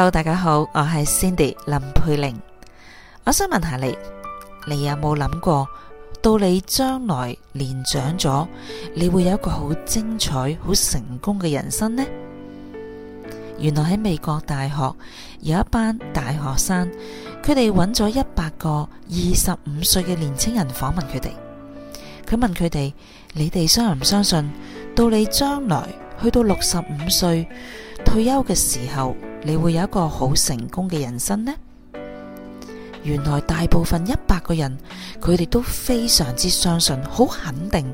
Hello，大家好，我係 Cindy 林佩玲。我想問下你，你有冇諗過到你將來年長咗，你會有一個好精彩、好成功嘅人生呢？原來喺美國大學有一班大學生，佢哋揾咗一百個二十五歲嘅年青人訪問佢哋。佢問佢哋：你哋相唔相信到你將來去到六十五歲退休嘅時候？你會有一個好成功嘅人生呢？原來大部分一百個人佢哋都非常之相信，好肯定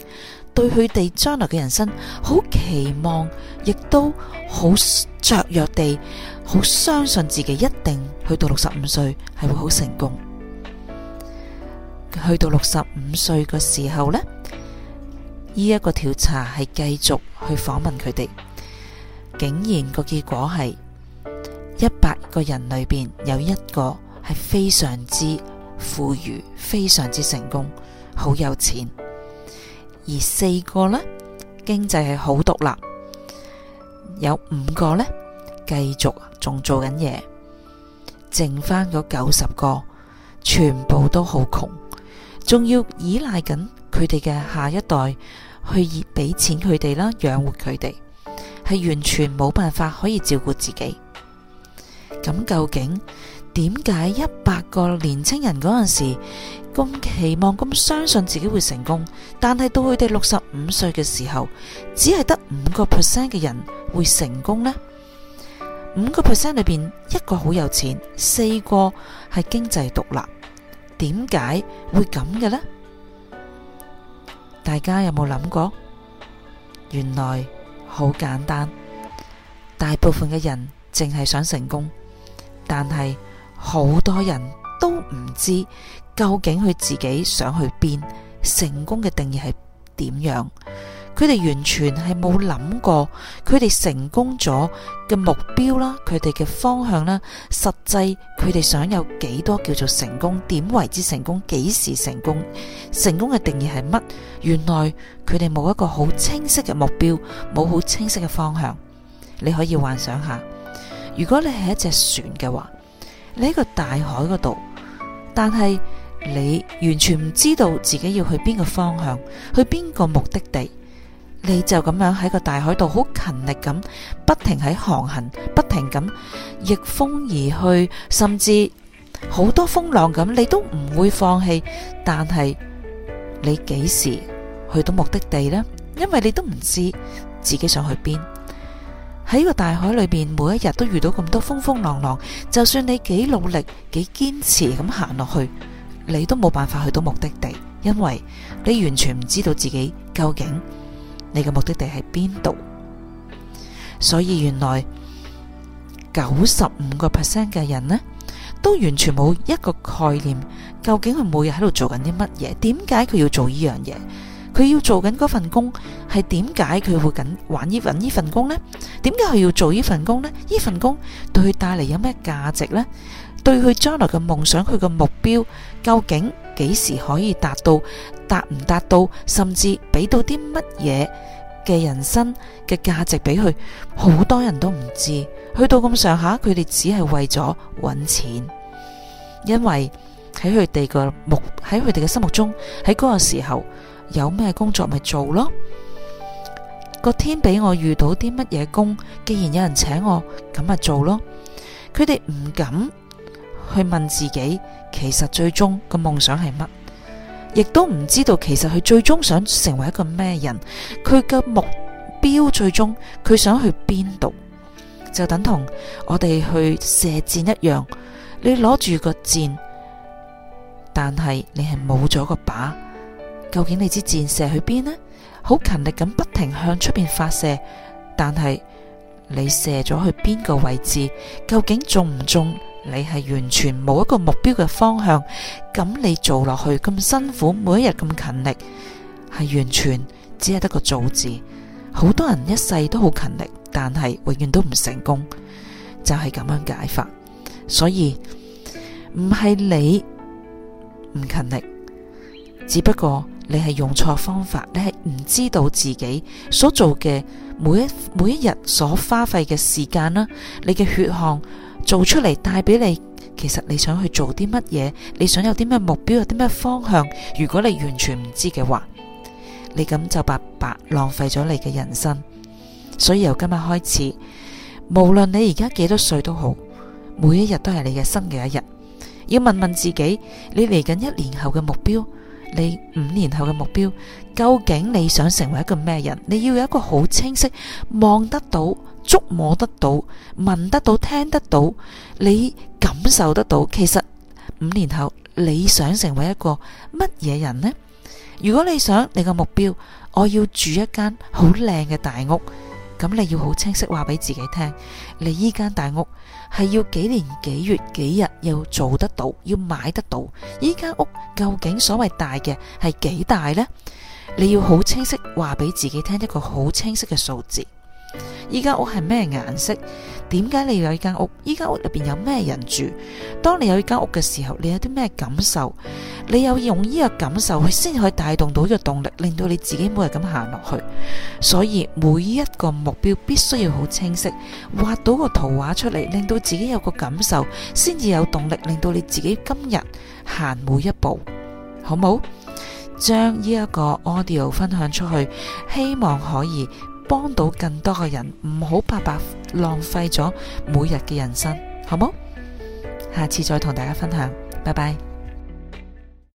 對佢哋將來嘅人生好期望，亦都好雀躍地好相信自己一定去到六十五歲係會好成功。去到六十五歲嘅時候呢，呢、呢、一個調查係繼續去訪問佢哋，竟然個結果係。一百個人裏邊有一個係非常之富裕，非常之成功，好有錢；而四個呢，經濟係好獨立，有五個呢，繼續仲做緊嘢，剩翻嗰九十個，全部都好窮，仲要依賴緊佢哋嘅下一代去俾錢佢哋啦，養活佢哋，係完全冇辦法可以照顧自己。咁究竟點解一百個年青人嗰陣時咁期望、咁相信自己會成功，但係到佢哋六十五歲嘅時候，只係得五個 percent 嘅人會成功呢？五個 percent 裏邊，一個好有錢，四個係經濟獨立。點解會咁嘅呢？大家有冇諗過？原來好簡單，大部分嘅人淨係想成功。但係好多人都唔知究竟佢自己想去邊，成功嘅定義係點樣？佢哋完全係冇諗過，佢哋成功咗嘅目標啦，佢哋嘅方向啦，實際佢哋想有幾多叫做成功？點為之成功？幾時成功？成功嘅定義係乜？原來佢哋冇一個好清晰嘅目標，冇好清晰嘅方向。你可以幻想下。如果你係一隻船嘅話，你喺個大海嗰度，但係你完全唔知道自己要去邊個方向，去邊個目的地，你就咁樣喺個大海度好勤力咁，不停喺航行，不停咁逆風而去，甚至好多風浪咁，你都唔會放棄。但係你幾時去到目的地呢？因為你都唔知自己想去邊。喺呢個大海裏邊，每一日都遇到咁多風風浪浪，就算你幾努力，幾堅持咁行落去，你都冇辦法去到目的地，因為你完全唔知道自己究竟你嘅目的地係邊度。所以原來九十五個 percent 嘅人呢，都完全冇一個概念，究竟佢每日喺度做緊啲乜嘢，點解佢要做呢樣嘢？佢要做緊嗰份工，係點解佢會緊玩呢，搵呢份工呢？點解佢要做呢份工呢？呢份工對佢帶嚟有咩價值呢？對佢將來嘅夢想，佢嘅目標究竟幾時可以達到？達唔達到？甚至俾到啲乜嘢嘅人生嘅價值俾佢？好多人都唔知。去到咁上下，佢哋只係為咗搵錢，因為喺佢哋嘅目，喺佢哋嘅心目中喺嗰個時候。有咩工作咪做咯？個天俾我遇到啲乜嘢工，既然有人請我，咁咪做咯。佢哋唔敢去問自己，其實最終個夢想係乜，亦都唔知道。其實佢最終想成為一個咩人，佢嘅目標最終佢想去邊度，就等同我哋去射箭一樣。你攞住個箭，但係你係冇咗個靶。究竟你支箭射去邊呢？好勤力咁不停向出面發射，但係你射咗去邊個位置？究竟中唔中？你係完全冇一個目標嘅方向。咁你做落去咁辛苦，每一日咁勤力，係完全只係得個做字。好多人一世都好勤力，但係永遠都唔成功，就係咁樣解法。所以唔係你唔勤力，只不過。你係用錯方法，你係唔知道自己所做嘅每一每一日所花費嘅時間啦，你嘅血汗做出嚟帶俾你，其實你想去做啲乜嘢，你想有啲咩目標，有啲咩方向？如果你完全唔知嘅話，你咁就白白浪費咗你嘅人生。所以由今日開始，無論你而家幾多歲都好，每一日都係你嘅新嘅一日。要問問自己，你嚟緊一年後嘅目標？你五年後嘅目標，究竟你想成為一個咩人？你要有一個好清晰、望得到、觸摸得到、聞得到、聽得到、你感受得到。其實五年後你想成為一個乜嘢人呢？如果你想你個目標，我要住一間好靚嘅大屋。咁你要好清晰話俾自己聽，你依間大屋係要幾年幾月幾日又做得到，要買得到。依間屋究竟所謂大嘅係幾大呢？你要好清晰話俾自己聽一個好清晰嘅數字。依間屋係咩顏色？點解你有依間屋？依間屋入邊有咩人住？當你有依間屋嘅時候，你有啲咩感受？你有用呢個感受去先可以帶動到呢個動力，令到你自己每日咁行落去。所以每一個目標必須要好清晰，畫到個圖畫出嚟，令到自己有個感受，先至有動力，令到你自己今日行每一步，好冇？將呢一個 audio 分享出去，希望可以。幫到更多嘅人，唔好白白浪費咗每日嘅人生，好冇？下次再同大家分享，拜拜。